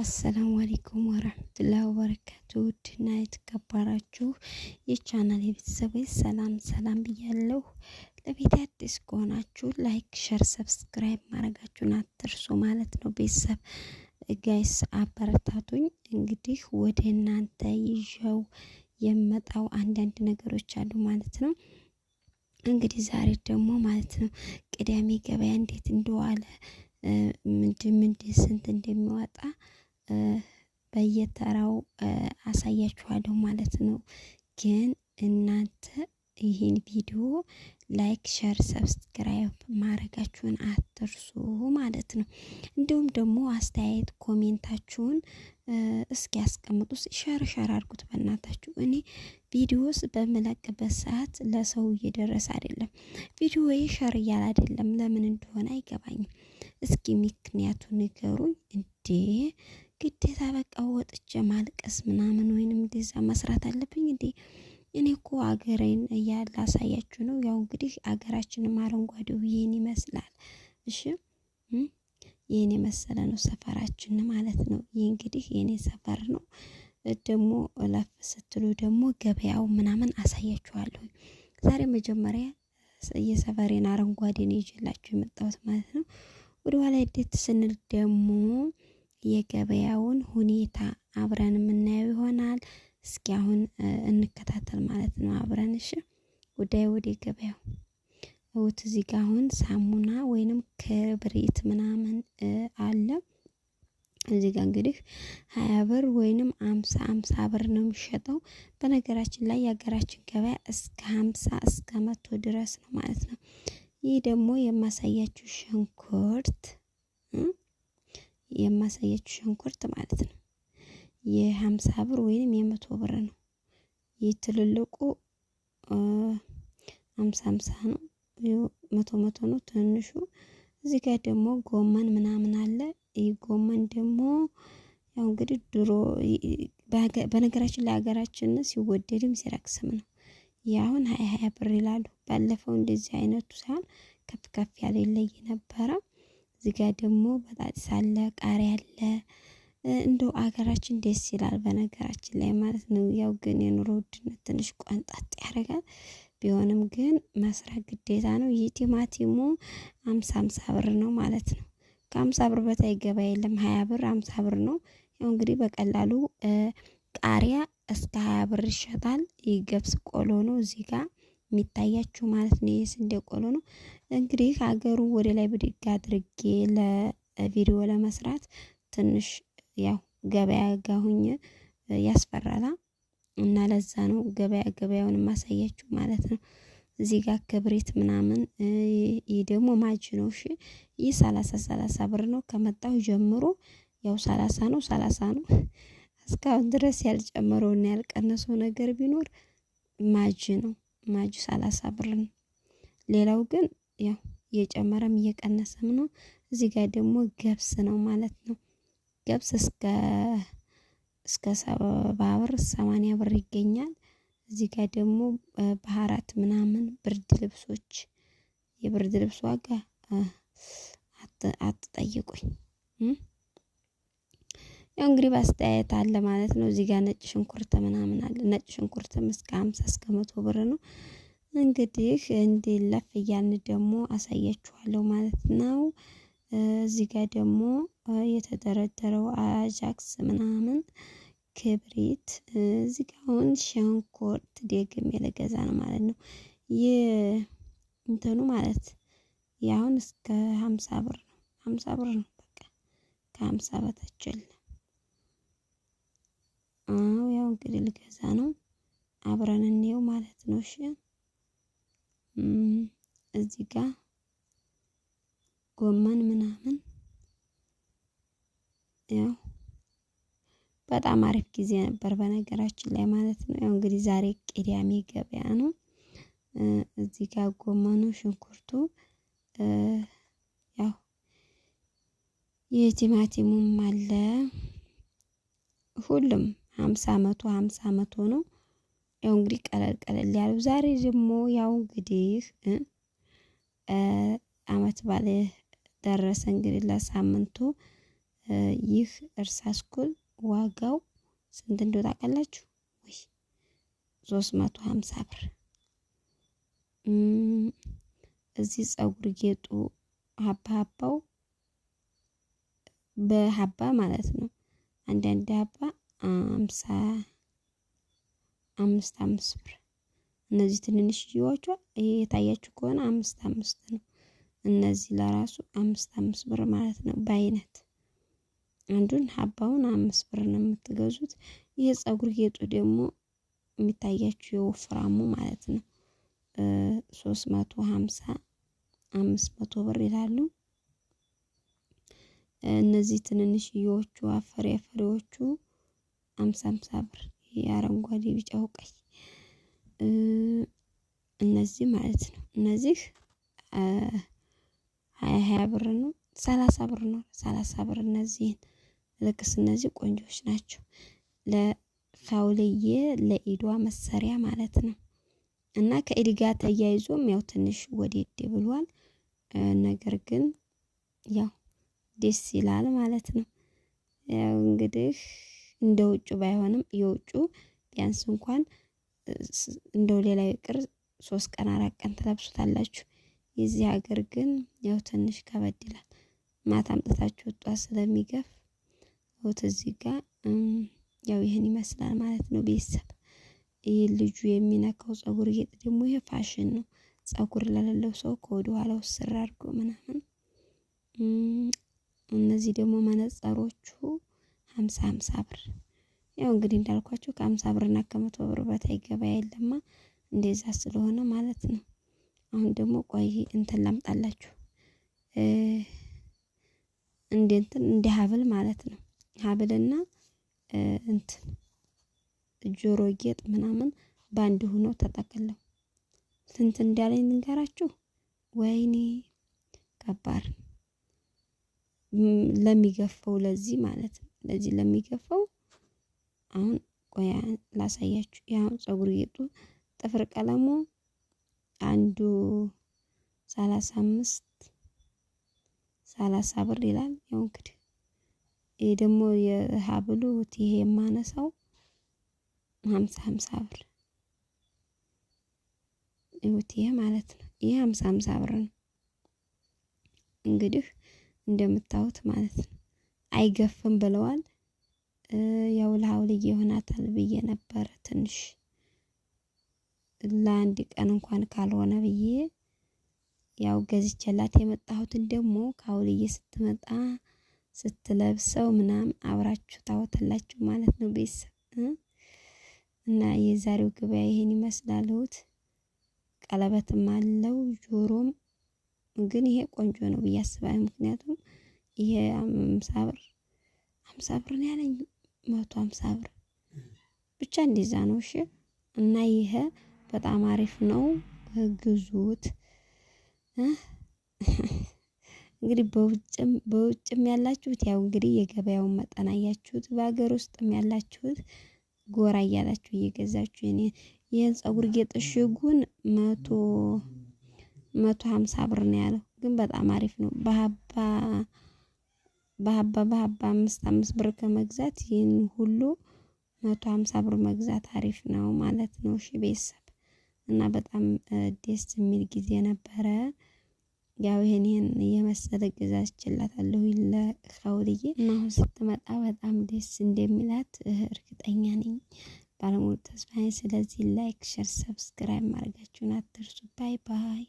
አሰላሙ አሌይኩም ወረህመቱላሂ ወበረካቱ። ውድና የተከበራችሁ የቻናል የቤተሰቦች ሰላም ሰላም ብያለሁ። ለቤት አዲስ ከሆናችሁ ላይክ፣ ሸር፣ ሰብስክራይብ ማድረጋችሁን አትርሱ ማለት ነው። ቤተሰብ ጋይስ አበረታቱኝ። እንግዲህ ወደ እናንተ ይዤው የመጣው አንዳንድ ነገሮች አሉ ማለት ነው። እንግዲህ ዛሬ ደግሞ ማለት ነው ቅዳሜ ገበያ እንዴት እንደዋለ ምንድን ምንድን ስንት እንደሚወጣ በየተራው አሳያችኋለሁ ማለት ነው። ግን እናንተ ይህን ቪዲዮ ላይክ፣ ሸር፣ ሰብስክራይብ ማድረጋችሁን አትርሱ ማለት ነው። እንዲሁም ደግሞ አስተያየት ኮሜንታችሁን እስኪ ያስቀምጡ። ሸር ሸር አድርጉት በእናታችሁ። እኔ ቪዲዮስ በምለቅበት ሰዓት ለሰው እየደረሰ አይደለም። ቪዲዮ ሸር እያል አይደለም። ለምን እንደሆነ አይገባኝም። እስኪ ምክንያቱ ንገሩኝ እንዴ ግዴታ በቃ ወጥቼ ማልቀስ ምናምን ወይንም እንደዛ መስራት አለብኝ እንዴ? እኔ እኮ አገሬን እያለ አሳያችሁ ነው። ያው እንግዲህ አገራችንም አረንጓዴው ይህን ይመስላል። እሺ ይህን የመሰለ ነው ሰፈራችን ማለት ነው። ይህ እንግዲህ የኔ ሰፈር ነው። ደግሞ ለፍ ስትሉ ደግሞ ገበያው ምናምን አሳያችኋለሁ። ዛሬ መጀመሪያ የሰፈሬን አረንጓዴን ይዤላችሁ የመጣሁት ማለት ነው። ወደኋላ ዴት ስንል ደግሞ የገበያውን ሁኔታ አብረን የምናየው ይሆናል። እስኪ አሁን እንከታተል ማለት ነው አብረን እሺ። ጉዳይ ወደ ገበያው እውት እዚህ ጋ አሁን ሳሙና ወይንም ክብሪት ምናምን አለ። እዚህ ጋ እንግዲህ ሀያ ብር ወይንም አምሳ አምሳ ብር ነው የሚሸጠው። በነገራችን ላይ የሀገራችን ገበያ እስከ ሀምሳ እስከ መቶ ድረስ ነው ማለት ነው። ይህ ደግሞ የማሳያችሁ ሽንኩርት የማሳያችሁ ሽንኩርት ማለት ነው። የሀምሳ ብር ወይንም የመቶ ብር ነው። ይህ ትልልቁ ሀምሳ ሀምሳ ነው፣ መቶ መቶ ነው ትንሹ። እዚህ ጋር ደግሞ ጎመን ምናምን አለ። ይህ ጎመን ደግሞ ያው እንግዲህ ድሮ በነገራችን ለሀገራችን ሲወደድም ሲረክስም ነው። አሁን ሀያ ሀያ ብር ይላሉ። ባለፈው እንደዚህ አይነቱ ሳይሆን ከፍ ከፍ ያለ ይለይ ነበረ። እዚህ ጋር ደግሞ በጣጥስ አለ፣ ቃሪያ አለ። እንደው አገራችን ደስ ይላል በነገራችን ላይ ማለት ነው። ያው ግን የኑሮ ውድነት ትንሽ ቆንጣጥ ያደርጋል። ቢሆንም ግን መስራት ግዴታ ነው። ይህ ቲማቲሙ አምሳ አምሳ ብር ነው ማለት ነው። ከአምሳ ብር በታይ ገባ የለም። ሀያ ብር አምሳ ብር ነው። ያው እንግዲህ በቀላሉ ቃሪያ እስከ ሀያ ብር ይሸጣል። ይገብስ ቆሎ ነው እዚህ ጋር የሚታያችሁ ማለት ነው። ይህ ስንዴ ቆሎ ነው እንግዲህ ሀገሩ ወደ ላይ ብድግ አድርጌ ለቪዲዮ ለመስራት ትንሽ ያው ገበያ ጋሁኝ ያስፈራላ እና ለዛ ነው ገበያ ገበያውን የማሳያችሁ ማለት ነው። እዚህ ጋር ክብሪት ምናምን ይህ ደግሞ ማጅ ነው። እሺ ይህ ሰላሳ ሰላሳ ብር ነው። ከመጣሁ ጀምሮ ያው ሰላሳ ነው ሰላሳ ነው። እስካሁን ድረስ ያልጨመረውና ያልቀነሰው ነገር ቢኖር ማጅ ነው። ማጁ ሰላሳ ብር ነው። ሌላው ግን ያው እየጨመረም እየቀነሰም ነው። እዚህ ጋር ደግሞ ገብስ ነው ማለት ነው። ገብስ እስከ እስከ ሰባ ብር ሰማንያ ብር ይገኛል። እዚህ ጋር ደግሞ ባህራት ምናምን ብርድ ልብሶች የብርድ ልብስ ዋጋ አትጠይቁኝ። ያው እንግዲህ በአስተያየት አለ ማለት ነው። እዚህ ጋር ነጭ ሽንኩርት ምናምን አለ። ነጭ ሽንኩርትም እስከ ሀምሳ እስከ መቶ ብር ነው። እንግዲህ እንዲ ለፍ እያን ደግሞ አሳያችኋለሁ ማለት ነው። እዚህ ጋር ደግሞ የተደረደረው አጃክስ ምናምን ክብሪት እዚህ ጋር አሁን ሽንኩርት ደግም የለገዛ ነው ማለት ነው። ይህ እንትኑ ማለት ያሁን እስከ ሀምሳ ብር ነው። ሀምሳ ብር ነው በቃ ከሀምሳ በታች የለም። እንግዲህ ልገዛ ነው። አብረን እንየው ማለት ነው። እሺ እዚህ ጋር ጎመን ምናምን ያው በጣም አሪፍ ጊዜ ነበር በነገራችን ላይ ማለት ነው። ያው እንግዲህ ዛሬ ቅዳሜ ገበያ ነው። እዚህ ጋር ጎመኑ፣ ሽንኩርቱ ያው የቲማቲሙም አለ ሁሉም ሀምሳ መቶ ሀምሳ መቶ ነው። ያው እንግዲህ ቀለል ቀለል ያለው ዛሬ ደግሞ ያው እንግዲህ አመት ባለ ደረሰ። እንግዲህ ለሳምንቱ ይህ እርሳስ ኩል ዋጋው ስንት እንደው ታውቃላችሁ ወይ? ሶስት መቶ ሀምሳ ብር። እዚህ ጸጉር ጌጡ ሀባ ሀባው በሀባ ማለት ነው አንዳንድ ሀባ አምሳ አምስት አምስት ብር እነዚህ ትንንሽ ጅዋቿ ይሄ የታያችሁ ከሆነ አምስት አምስት ነው። እነዚህ ለራሱ አምስት አምስት ብር ማለት ነው። በአይነት አንዱን ሀባውን አምስት ብር ነው የምትገዙት። ይህ ጸጉር ጌጡ ደግሞ የሚታያችሁ የወፍራሙ ማለት ነው ሶስት መቶ ሀምሳ አምስት መቶ ብር ይላሉ። እነዚህ ትንንሽ ዮቹ አፈሬ አፈሬዎቹ አምሳ አምሳ ብር የአረንጓዴ ቢጫው ቀይ እነዚህ ማለት ነው። እነዚህ ሀያ ሀያ ብር ነው ሰላሳ ብር ነው ሰላሳ ብር እነዚህን ልክስ እነዚህ ቆንጆች ናቸው። ለካውልዬ ለኢዷ መሰሪያ ማለት ነው። እና ከኢድ ጋር ተያይዞም ያው ትንሽ ወዴድ ብሏል። ነገር ግን ያው ደስ ይላል ማለት ነው። ያው እንግዲህ እንደ ውጩ ባይሆንም የውጩ ቢያንስ እንኳን እንደው ሌላ ይቅር ሶስት ቀን አራት ቀን ትለብሱታላችሁ። የዚህ ሀገር ግን ያው ትንሽ ከበድ ይላል። ማታ አምጥታችሁ ጧት ስለሚገፍ ወት እዚህ ጋ ያው ይህን ይመስላል ማለት ነው። ቤተሰብ ይህ ልጁ የሚነካው ጸጉር ጌጥ ደግሞ ይሄ ፋሽን ነው። ጸጉር ለሌለው ሰው ከወደ ኋላ ስር አድርጎ ምናምን። እነዚህ ደግሞ መነጸሮቹ ሀምሳ ሀምሳ ብር ያው እንግዲህ እንዳልኳችሁ ከሀምሳ ብርና ከመቶ ብር በታይ ገበያ የለማ እንደዛ ስለሆነ ማለት ነው። አሁን ደግሞ ቆይ እንትን ላምጣላችሁ እንደ እንትን እንደ ሀብል ማለት ነው። ሀብልና እንትን ጆሮ ጌጥ ምናምን በአንድ ሆነው ተጠቅለው ስንት እንዳለኝ ንገራችሁ። ወይኔ ከባድ ለሚገፋው ለዚህ ማለት ነው ለዚህ ለሚገፋው አሁን ቆያ ላሳያችሁ። ያው ፀጉር ጌጡ ጥፍር ቀለሙ አንዱ ሰላሳ አምስት ሰላሳ ብር ይላል። ያው እንግዲህ ይሄ ደግሞ የሀብሉ ይሄ የማነሳው ሀምሳ ሀምሳ ብር ይሁት ይሄ ማለት ነው። ይሄ ሀምሳ ሀምሳ ብር ነው እንግዲህ እንደምታዩት ማለት ነው። አይገፍም ብለዋል። ያው ለሀውልዬ ይሆናታል ብዬ ነበረ ትንሽ ለአንድ ቀን እንኳን ካልሆነ ብዬ ያው ገዝቼላት የመጣሁትን ደግሞ ከሀውልዬ ስትመጣ ስትለብሰው ምናምን አብራችሁ ታወተላችሁ ማለት ነው ቤተሰብ እና የዛሬው ገበያ ይሄን ይመስላልሁት። ቀለበትም አለው ጆሮም ግን ይሄ ቆንጆ ነው ብዬ አስባለሁ። ምክንያቱም አምሳ ብር አምሳ ብር ነው ያለኝ መቶ አምሳ ብር ብቻ እንደዛ ነው። እሺ እና ይሄ በጣም አሪፍ ነው፣ ግዙት። እንግዲህ በውጭም በውጭም ያላችሁት ያው እንግዲህ የገበያውን መጠን አያችሁት። በሀገር ውስጥም ያላችሁት ጎራ እያላችሁ እየገዛችሁ ይህን ፀጉር ጌጥ ሽጉን መቶ መቶ ሀምሳ ብር ነው ያለው፣ ግን በጣም አሪፍ ነው በሀባ በሀባ በሀባ አምስት አምስት ብር ከመግዛት ይህን ሁሉ መቶ ሀምሳ ብር መግዛት አሪፍ ነው ማለት ነው። እሺ ቤተሰብ እና በጣም ደስ የሚል ጊዜ ነበረ። ያው ይህን ይሄን የመሰለ ግዛት ችላታለሁ ከውልዬ እና አሁን ስትመጣ በጣም ደስ እንደሚላት እርግጠኛ ነኝ፣ ባለሙሉ ተስፋ ስለዚህ ላይክ፣ ሸር፣ ሰብስክራይብ ማድረጋችሁን አትርሱ። ባይ ባይ።